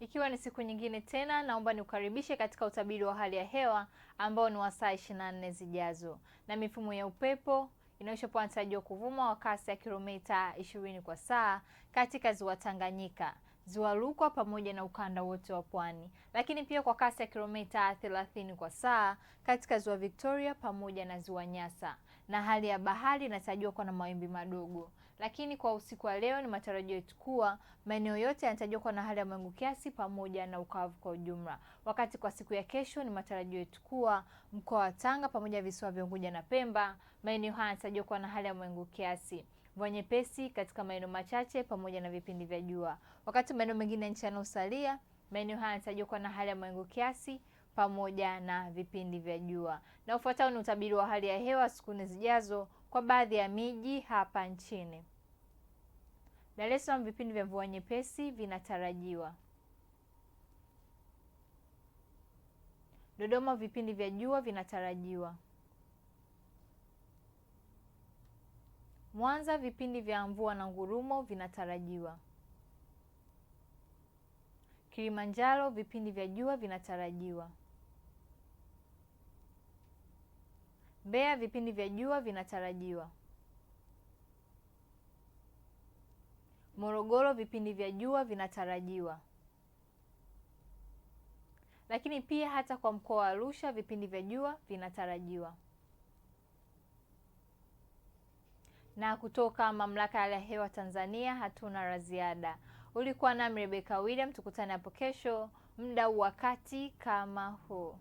Ikiwa ni siku nyingine tena, naomba nikukaribishe katika utabiri wa hali ya hewa ambao ni wa saa 24 zijazo, na mifumo ya upepo inayoshapa wanatarajiwa kuvuma wa kasi ya kilomita 20 kwa saa katika ziwa Tanganyika Ziwa Rukwa pamoja na ukanda wote wa pwani, lakini pia kwa kasi ya kilomita 30 kwa saa katika Ziwa Victoria pamoja na Ziwa Nyasa, na hali ya bahari inatarajiwa kuwa na mawimbi madogo. Lakini kwa usiku wa leo, ni matarajio yetu kuwa maeneo yote yanatarajiwa kuwa na hali ya mawingu kiasi pamoja na ukavu kwa ujumla. Wakati kwa siku ya kesho, ni matarajio yetu kuwa mkoa wa Tanga pamoja na visiwa vya Unguja na Pemba, maeneo haya yanatarajiwa kuwa na hali ya mawingu kiasi mvua nyepesi katika maeneo machache pamoja na vipindi vya jua. Wakati maeneo mengine ya nchi yanaosalia maeneo haya yanatarajiwa kuwa na hali ya mawingu kiasi pamoja na vipindi vya jua. Na ufuatao ni utabiri wa hali ya hewa siku nne zijazo kwa baadhi ya miji hapa nchini. Dar es Salaam, vipindi vya mvua nyepesi vinatarajiwa. Dodoma, vipindi vya jua vinatarajiwa. Mwanza vipindi vya mvua na ngurumo vinatarajiwa. Kilimanjaro vipindi vya jua vinatarajiwa. Mbeya vipindi vya jua vinatarajiwa. Morogoro vipindi vya jua vinatarajiwa. Lakini pia hata kwa mkoa wa Arusha vipindi vya jua vinatarajiwa. Na kutoka Mamlaka ya Hewa Tanzania hatuna la ziada. Ulikuwa nami Rebecca William, tukutane hapo kesho muda wakati kama huu.